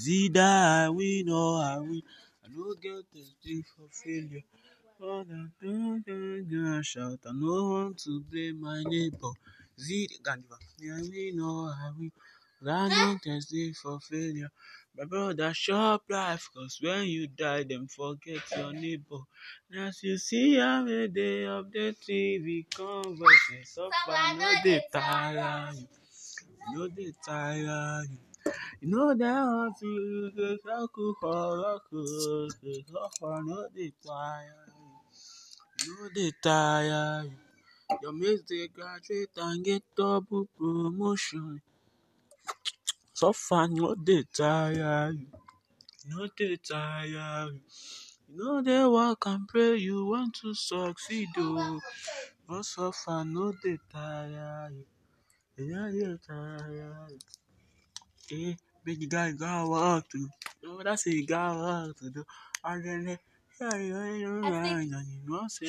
Is it we know win or I win? I no get the thing for failure. Oh, da, da, shout. I know want to blame my neighbor. Is it Gandiva? I win or I win? I no testing for failure. My brother, sharp life, cause when you die, them forget your neighbor. As you see, every day of the TV conversations. So far, no they tire you. No they tire you. No doubt you could alcohol, could offer no desire, no You miss the graduate and get double promotion. So far, no desire, no desire. You know they work and pray you want to succeed, oh. But so far, no desire, no desire eh, big guy got walk to. No, that's a guy walk to. And then, yeah, yeah, yeah, yeah, yeah, yeah, yeah,